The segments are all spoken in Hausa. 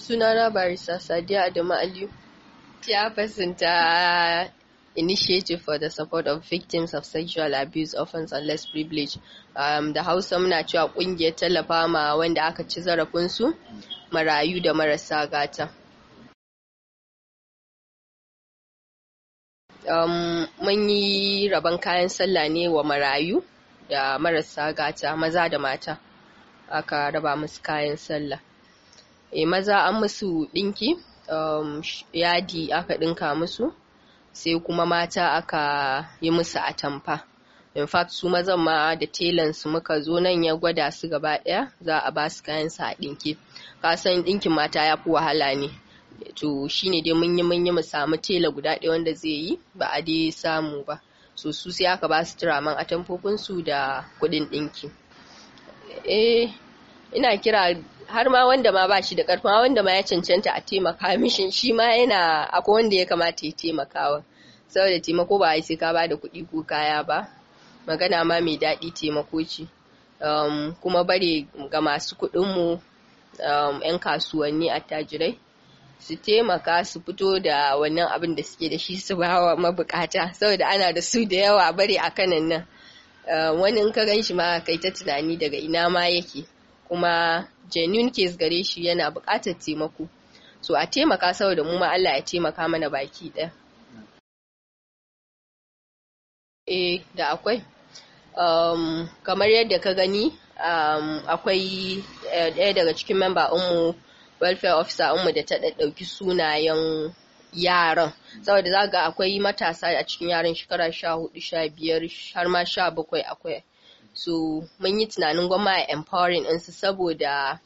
sunana barista Sadiya Adamu Aliyu, ya ta Initiative for the Support of Victims of Sexual Abuse, Offense and Less Privilege. Um, da Hausa muna cewa kungiyar tallafa ma wanda aka ci zarafinsu marayu da marasa gata. Um, mun yi rabon kayan sallah ne wa marayu da marasa gata maza da mata aka raba musu kayan sallah. eh maza an musu ɗinki um, yadi aka ɗinka musu sai kuma mata aka yi musu atamfa in fact su maza ma da telan su muka zo nan ya gwada su gaba ɗaya za a ba su kayan su a ɗinki kasan ɗinkin mata ya fi wahala ne to shine dai mun yi mun yi mu samu tela guda ɗaya wanda zai yi ba a dai samu ba so su sai aka ba su turaman atamfofin su da kuɗin ɗinki eh ina kira har ma wanda ma ba shi da karfi wanda ma ya cancanta a taimaka mishin shi ma yana akwai wanda ya kamata ya taimakawa saboda taimako ba sai ka ba da kuɗi ko kaya ba magana ma mai daɗi taimako ce um, kuma bare ga masu kuɗinmu um, 'yan kasuwanni attajirai su taimaka su fito da wannan abin da suke da shi su bawa mabukata saboda ana da su da yawa bare a kanan nan um, wani in ka gan shi ma kai ta tunani daga ina ma yake kuma genuine case gare shi yana bukatar taimako so a taimaka saboda mu ma Allah ya taimaka mana baki ɗaya eh da akwai um, kamar yadda ka gani um, akwai eh, ɗaya daga cikin memba ummu welfare officer ummu da ta ɗauki sunayen yaran saboda za ga akwai matasa a cikin yaran shekara sha hudu sha biyar har ma sha bakwai akwai so mun yi tunanin gwamma a empowering ɗinsu saboda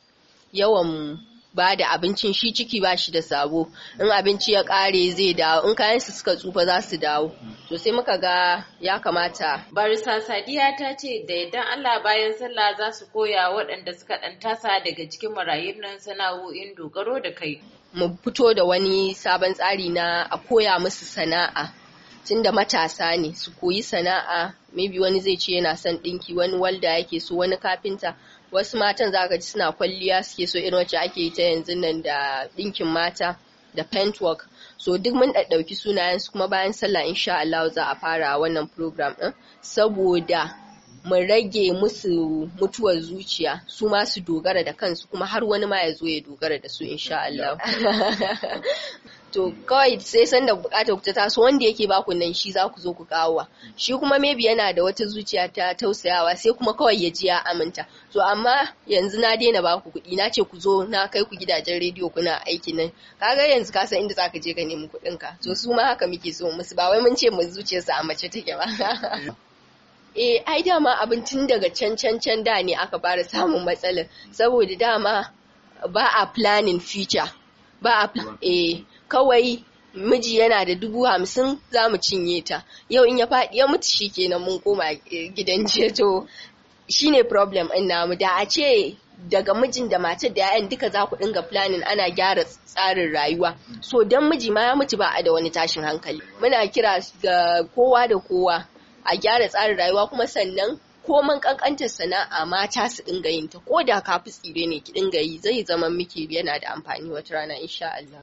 yawan ba da abincin shi ciki ba shi da sabo in abinci ya ƙare zai dawo in kayan su suka tsufa za su dawo to sai muka ga ya kamata barisa sadiya ta ce da idan allah bayan sallah za su koya waɗanda suka ɗan tasa daga cikin marayun nan sana'o'in dogaro da kai mu fito da wani sabon tsari na a koya musu sana'a tunda matasa ne su koyi sana'a maybe wani zai ce yana son ɗinki wani walda yake so wani kafinta wasu matan za ka ji suna kwalliya suke so irin wacce ake yi ta yanzu nan da ɗinkin mata da paint work so duk mun ɗauki sunayen su kuma bayan sallah insha Allah za a fara wannan program ɗin saboda mu rage musu mutuwar zuciya su ma su dogara da kansu kuma har wani ma ya zo ya dogara da su insha Allah to kawai sai sanda bukatar ta taso wanda yake baku nan shi za ku zo ku kawowa shi kuma maybe yana da wata zuciya ta tausayawa sai kuma kawai ya ji ya aminta to amma yanzu na daina baku kuɗi na ce ku zo na kai ku gidajen rediyo kuna aiki nan kaga yanzu ka san inda zaka je ka nemi kuɗin ka to su ma haka muke so musu ba wai mun ce mu zuciyarsa a mace take ba eh ai dama abincin daga can can can da ne aka fara samun matsalar saboda dama ba a planning future ba a eh kawai miji yana da dubu hamsin za mu cinye ta yau in ya faɗi ya mutu shi kenan mun koma eh, gidan jiya to ne problem in namu da a ce daga mijin da matar da 'ya'yan duka za ku dinga planning ana gyara tsarin rayuwa so don miji ma ya mutu ba a da wani tashin hankali muna kira ga kowa da kowa a gyara tsarin rayuwa kuma sannan koman kankantar sana'a mata su dinga yin ta ko da kafi tsire ne ki dinga yi zai zama miki yana da amfani wata rana insha Allah